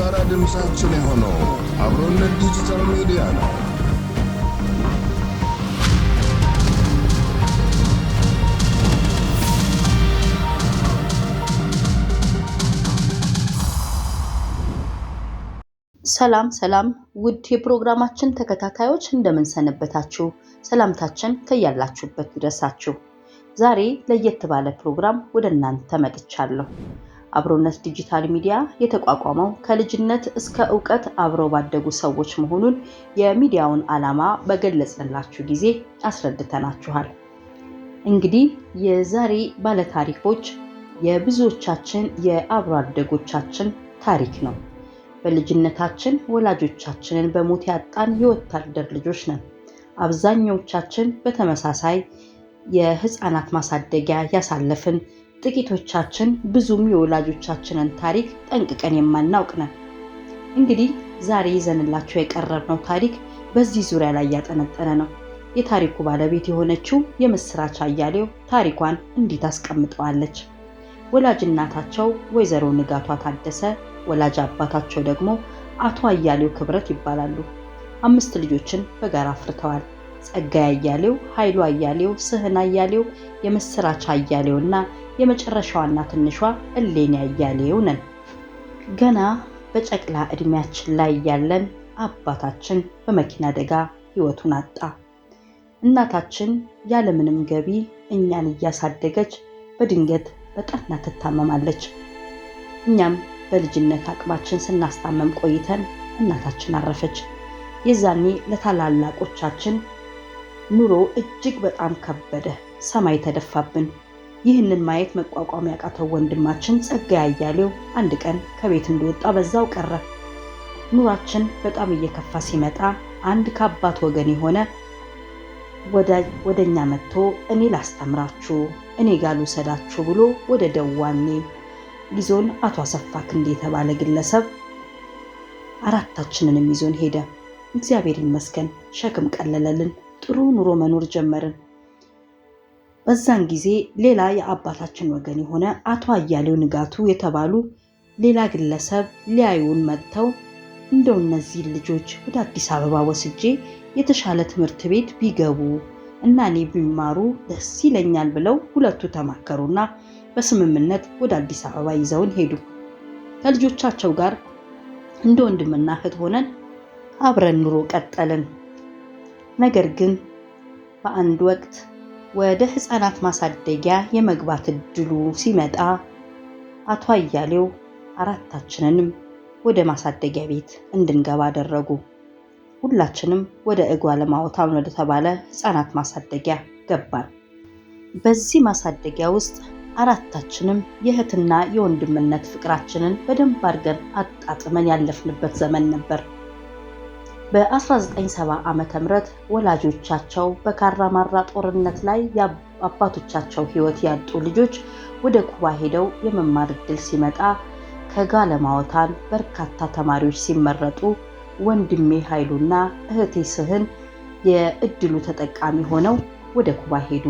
የጋራ ድምፃችን የሆነው አብሮነት ዲጂታል ሚዲያ ነው። ሰላም ሰላም ውድ የፕሮግራማችን ተከታታዮች እንደምን ሰነበታችሁ? ሰላምታችን ከያላችሁበት ይድረሳችሁ። ዛሬ ለየት ባለ ፕሮግራም ወደ እናንተ መጥቻለሁ። አብሮነት ዲጂታል ሚዲያ የተቋቋመው ከልጅነት እስከ እውቀት አብረው ባደጉ ሰዎች መሆኑን የሚዲያውን ዓላማ በገለጽንላችሁ ጊዜ አስረድተናችኋል። እንግዲህ የዛሬ ባለታሪኮች የብዙዎቻችን የአብሮ አደጎቻችን ታሪክ ነው። በልጅነታችን ወላጆቻችንን በሞት ያጣን የወታደር ልጆች ነን። አብዛኛዎቻችን በተመሳሳይ የህፃናት ማሳደጊያ ያሳለፍን ጥቂቶቻችን ብዙም የወላጆቻችንን ታሪክ ጠንቅቀን የማናውቅ ነን። እንግዲህ ዛሬ ይዘንላቸው የቀረብነው ታሪክ በዚህ ዙሪያ ላይ ያጠነጠነ ነው። የታሪኩ ባለቤት የሆነችው የምስራች አያሌው ታሪኳን እንዲት አስቀምጠዋለች። ወላጅ እናታቸው ወይዘሮ ንጋቷ ታደሰ፣ ወላጅ አባታቸው ደግሞ አቶ አያሌው ክብረት ይባላሉ። አምስት ልጆችን በጋራ አፍርተዋል። ጸጋይ አያሌው፣ ኃይሉ አያሌው፣ ስህን አያሌው፣ የምስራች አያሌው እና የመጨረሻዋና ትንሿ እሌኒ አያሌው ነን። ገና በጨቅላ ዕድሜያችን ላይ ያለን አባታችን በመኪና አደጋ ሕይወቱን አጣ። እናታችን ያለምንም ገቢ እኛን እያሳደገች በድንገት በጠና ትታመማለች። እኛም በልጅነት አቅማችን ስናስታመም ቆይተን እናታችን አረፈች። የዛኔ ለታላላቆቻችን ኑሮ እጅግ በጣም ከበደ፣ ሰማይ ተደፋብን። ይህንን ማየት መቋቋም ያቃተው ወንድማችን ጸጋ አያሌው አንድ ቀን ከቤት እንደወጣ በዛው ቀረ። ኑሯችን በጣም እየከፋ ሲመጣ አንድ ከአባት ወገን የሆነ ወደ እኛ መጥቶ እኔ ላስተምራችሁ፣ እኔ ጋር ልውሰዳችሁ ብሎ ወደ ደዋኔ ይዞን አቶ አሰፋ ክንዴ የተባለ ግለሰብ አራታችንንም ይዞን ሄደ። እግዚአብሔር ይመስገን ሸክም ቀለለልን፣ ጥሩ ኑሮ መኖር ጀመርን። በዛን ጊዜ ሌላ የአባታችን ወገን የሆነ አቶ አያሌው ንጋቱ የተባሉ ሌላ ግለሰብ ሊያዩን መጥተው እንደው እነዚህን ልጆች ወደ አዲስ አበባ ወስጄ የተሻለ ትምህርት ቤት ቢገቡ እና እኔ ቢማሩ ደስ ይለኛል ብለው ሁለቱ ተማከሩና በስምምነት ወደ አዲስ አበባ ይዘውን ሄዱ። ከልጆቻቸው ጋር እንደ ወንድምና እህት ሆነን አብረን ኑሮ ቀጠልን። ነገር ግን በአንድ ወቅት ወደ ህፃናት ማሳደጊያ የመግባት እድሉ ሲመጣ አቶ አያሌው አራታችንንም ወደ ማሳደጊያ ቤት እንድንገባ አደረጉ። ሁላችንም ወደ እግዋ ለማውታም ወደ ተባለ ህፃናት ማሳደጊያ ገባን። በዚህ ማሳደጊያ ውስጥ አራታችንም የእህትና የወንድምነት ፍቅራችንን በደንብ አድርገን አጣጥመን ያለፍንበት ዘመን ነበር። በ1970 ዓ ም ወላጆቻቸው በካራማራ ጦርነት ላይ አባቶቻቸው ህይወት ያጡ ልጆች ወደ ኩባ ሄደው የመማር ዕድል ሲመጣ ከጋለማዎታን በርካታ ተማሪዎች ሲመረጡ ወንድሜ ኃይሉና እህቴ ስህን የእድሉ ተጠቃሚ ሆነው ወደ ኩባ ሄዱ።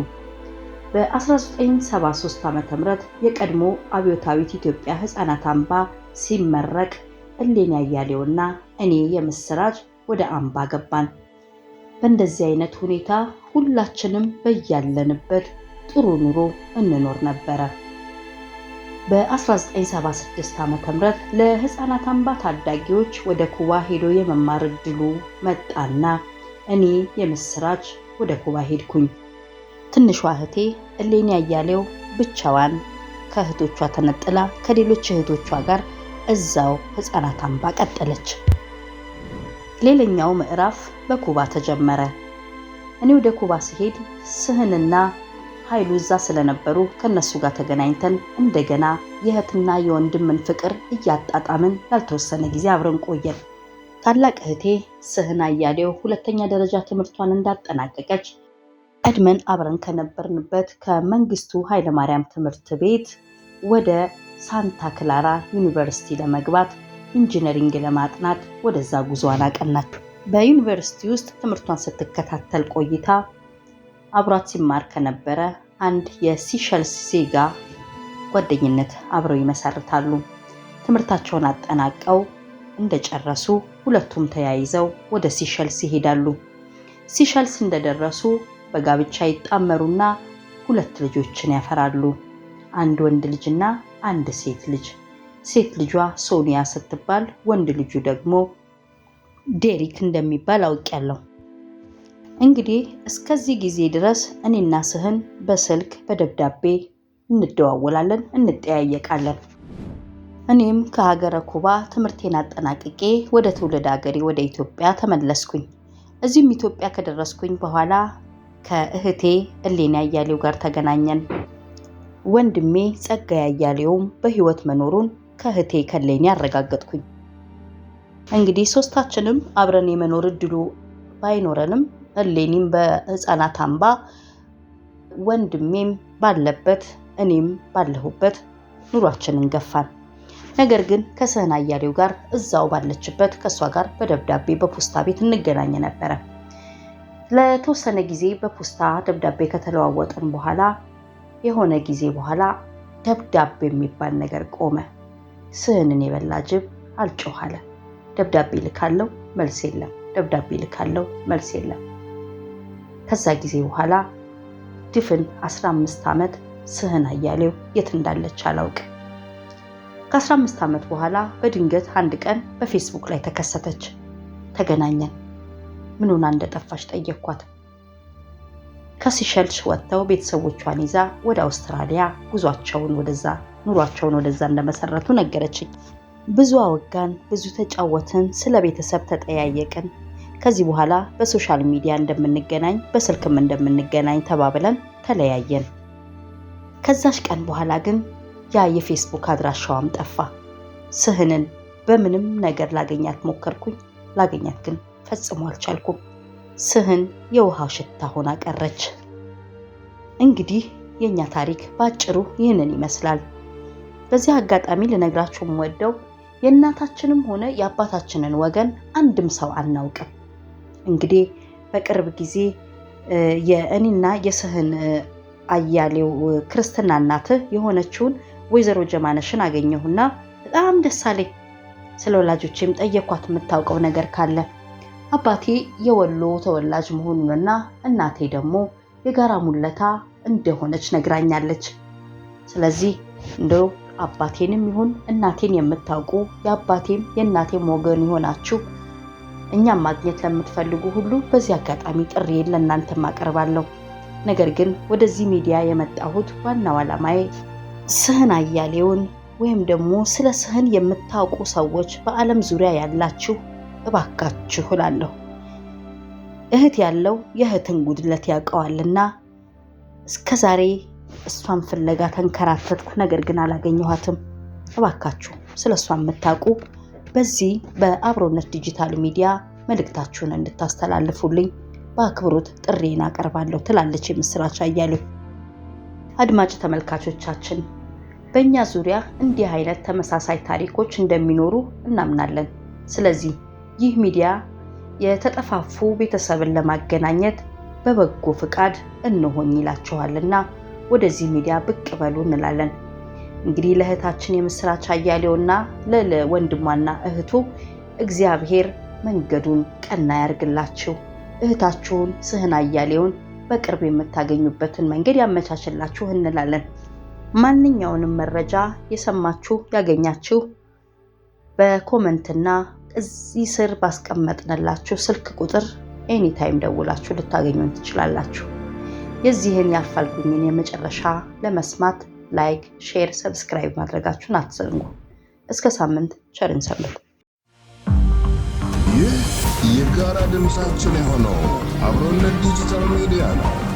በ1973 ዓ ም የቀድሞ አብዮታዊት ኢትዮጵያ ህፃናት አምባ ሲመረቅ እሌን ያያሌውና እኔ የምስራች ወደ አምባ ገባን። በእንደዚህ አይነት ሁኔታ ሁላችንም በያለንበት ጥሩ ኑሮ እንኖር ነበረ። በ1976 ዓ ም ለህፃናት አምባ ታዳጊዎች ወደ ኩባ ሄዶ የመማር እድሉ መጣና እኔ የምስራች ወደ ኩባ ሄድኩኝ። ትንሿ እህቴ እሌኒ አያሌው ብቻዋን ከእህቶቿ ተነጥላ ከሌሎች እህቶቿ ጋር እዛው ህፃናት አምባ ቀጠለች። ሌላኛው ምዕራፍ በኩባ ተጀመረ። እኔ ወደ ኩባ ሲሄድ ስህንና ኃይሉ እዛ ስለነበሩ ከነሱ ጋር ተገናኝተን እንደገና የእህትና የወንድምን ፍቅር እያጣጣምን ላልተወሰነ ጊዜ አብረን ቆየን። ታላቅ እህቴ ስህን አያሌው ሁለተኛ ደረጃ ትምህርቷን እንዳጠናቀቀች ቀድመን አብረን ከነበርንበት ከመንግስቱ ኃይለማርያም ትምህርት ቤት ወደ ሳንታ ክላራ ዩኒቨርሲቲ ለመግባት ኢንጂነሪንግ ለማጥናት ወደዛ ጉዞዋን አቀናች። በዩኒቨርሲቲ ውስጥ ትምህርቷን ስትከታተል ቆይታ አብሯት ሲማር ከነበረ አንድ የሲሸልስ ዜጋ ጓደኝነት አብረው ይመሰርታሉ። ትምህርታቸውን አጠናቀው እንደጨረሱ ሁለቱም ተያይዘው ወደ ሲሸልስ ይሄዳሉ። ሲሸልስ እንደደረሱ በጋብቻ ይጣመሩና ሁለት ልጆችን ያፈራሉ። አንድ ወንድ ልጅና አንድ ሴት ልጅ። ሴት ልጇ ሶኒያ ስትባል ወንድ ልጁ ደግሞ ዴሪክ እንደሚባል አውቄያለሁ። እንግዲህ እስከዚህ ጊዜ ድረስ እኔና ስህን በስልክ በደብዳቤ እንደዋወላለን፣ እንጠያየቃለን። እኔም ከሀገረ ኩባ ትምህርቴን አጠናቅቄ ወደ ትውልድ ሀገሬ ወደ ኢትዮጵያ ተመለስኩኝ። እዚህም ኢትዮጵያ ከደረስኩኝ በኋላ ከእህቴ እሌኒ አያሌው ጋር ተገናኘን። ወንድሜ ጸጋዬ አያሌውም በህይወት መኖሩን ከእህቴ ከሌኒ አረጋገጥኩኝ እንግዲህ ሶስታችንም አብረን የመኖር እድሉ ባይኖረንም እሌኒም በህፃናት አምባ ወንድሜም ባለበት እኔም ባለሁበት ኑሯችንን ገፋን። ነገር ግን ከስህን አያሌው ጋር እዛው ባለችበት ከእሷ ጋር በደብዳቤ በፖስታ ቤት እንገናኝ ነበረ። ለተወሰነ ጊዜ በፖስታ ደብዳቤ ከተለዋወጠን በኋላ የሆነ ጊዜ በኋላ ደብዳቤ የሚባል ነገር ቆመ። ስህንን የበላ ጅብ አልጮኋለ። ደብዳቤ ልካለው መልስ የለም፣ ደብዳቤ ልካለው መልስ የለም። ከዛ ጊዜ በኋላ ድፍን 15 ዓመት ስህን አያሌው የት እንዳለች አላውቅ ከ ከ15 ዓመት በኋላ በድንገት አንድ ቀን በፌስቡክ ላይ ተከሰተች። ተገናኘን። ምን ሆና እንደጠፋች ጠየኳት። ከሲሸልስ ወጥተው ቤተሰቦቿን ይዛ ወደ አውስትራሊያ ጉዟቸውን ወደዛ ኑሯቸውን ወደዛ እንደመሰረቱ ነገረችኝ። ብዙ አወጋን፣ ብዙ ተጫወትን፣ ስለ ቤተሰብ ተጠያየቅን። ከዚህ በኋላ በሶሻል ሚዲያ እንደምንገናኝ በስልክም እንደምንገናኝ ተባብለን ተለያየን። ከዛች ቀን በኋላ ግን ያ የፌስቡክ አድራሻዋም ጠፋ። ስህንን በምንም ነገር ላገኛት ሞከርኩኝ። ላገኛት ግን ፈጽሞ አልቻልኩም። ስህን የውሃ ሽታ ሆና ቀረች። እንግዲህ የእኛ ታሪክ በአጭሩ ይህንን ይመስላል። በዚህ አጋጣሚ ልነግራችሁ የምወደው የእናታችንም ሆነ የአባታችንን ወገን አንድም ሰው አናውቅም። እንግዲህ በቅርብ ጊዜ የእኔና የስህን አያሌው ክርስትና እናትህ የሆነችውን ወይዘሮ ጀማነሽን አገኘሁና በጣም ደስ አለኝ። ስለ ወላጆቼም ጠየኳት የምታውቀው ነገር ካለ አባቴ የወሎ ተወላጅ መሆኑንና እናቴ ደግሞ የጋራ ሙለታ እንደሆነች ነግራኛለች። ስለዚህ እንደው አባቴንም ይሁን እናቴን የምታውቁ የአባቴም የእናቴም ወገን የሆናችሁ እኛም ማግኘት ለምትፈልጉ ሁሉ በዚህ አጋጣሚ ጥሪዬን ለእናንተም አቀርባለሁ። ነገር ግን ወደዚህ ሚዲያ የመጣሁት ዋናው ዓላማዬ ስህን አያሌውን ወይም ደግሞ ስለ ስህን የምታውቁ ሰዎች በዓለም ዙሪያ ያላችሁ እባካችሁ እላለሁ። እህት ያለው የእህትን ጉድለት ያውቀዋልና እስከ ዛሬ እሷን ፍለጋ ተንከራተትኩ፣ ነገር ግን አላገኘኋትም። እባካችሁ ስለ እሷ የምታውቁ በዚህ በአብሮነት ዲጂታል ሚዲያ መልእክታችሁን እንድታስተላልፉልኝ በአክብሮት ጥሬን አቀርባለሁ ትላለች የምስራች አያሌው። አድማጭ ተመልካቾቻችን በእኛ ዙሪያ እንዲህ አይነት ተመሳሳይ ታሪኮች እንደሚኖሩ እናምናለን። ስለዚህ ይህ ሚዲያ የተጠፋፉ ቤተሰብን ለማገናኘት በበጎ ፍቃድ እንሆኝ ይላችኋልና ወደዚህ ሚዲያ ብቅ በሉ እንላለን። እንግዲህ ለእህታችን የምስራች አያሌውና ለለ እህቱ እግዚአብሔር መንገዱን ቀና ያርግላችሁ። እህታችሁን ስህን አያሌውን በቅርብ የምታገኙበትን መንገድ ያመቻችላችሁ እንላለን። ማንኛውንም መረጃ የሰማችሁ ያገኛችሁ በኮመንትና እዚህ ስር ባስቀመጥንላችሁ ስልክ ቁጥር ኤኒታይም ደውላችሁ ልታገኙን ትችላላችሁ። የዚህን ያፋልጉኝን የመጨረሻ ለመስማት ላይክ፣ ሼር፣ ሰብስክራይብ ማድረጋችሁን አትዘንጉ። እስከ ሳምንት ቸርን ሰንብት። ይህ የጋራ ድምፃችን የሆነው አብሮነት ዲጂታል ሚዲያ ነው።